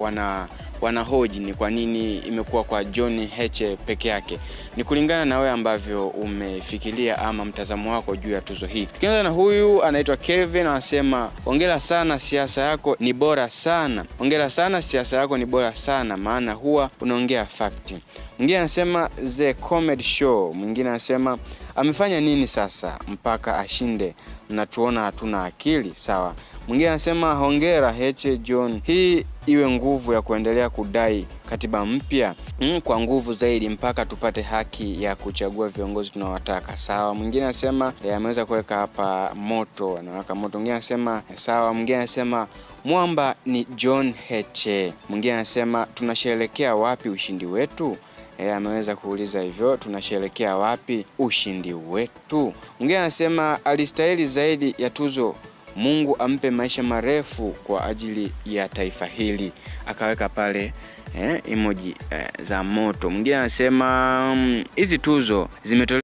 Wana, wanahoji ni kwa nini imekuwa kwa John Heche peke yake. Ni kulingana na wewe ambavyo umefikiria ama mtazamo wako juu ya tuzo hii. Tukianza na huyu anaitwa Kevin, anasema, hongera sana, siasa yako ni bora sana. Hongera sana, siasa yako ni bora sana, maana huwa unaongea fakti. Mwingine anasema the comedy show. Mwingine anasema amefanya nini sasa mpaka ashinde? Mnatuona hatuna akili sawa. Mwingine anasema hongera Heche John, hii iwe nguvu ya kuendelea kudai katiba mpya mm, kwa nguvu zaidi mpaka tupate haki ya kuchagua viongozi tunaowataka. Sawa. Mwingine anasema eh, ameweza kuweka hapa moto, anaweka moto. Mwingine anasema eh, sawa. Mwingine anasema mwamba ni John Heche. Mwingine anasema tunasherekea wapi ushindi wetu? E, ameweza kuuliza hivyo, tunasherekea wapi ushindi wetu? Mwingine anasema alistahili zaidi ya tuzo Mungu ampe maisha marefu kwa ajili ya taifa hili. Akaweka pale eh, emoji eh, za moto. Mwingine anasema mm, hizi tuzo zimetolewa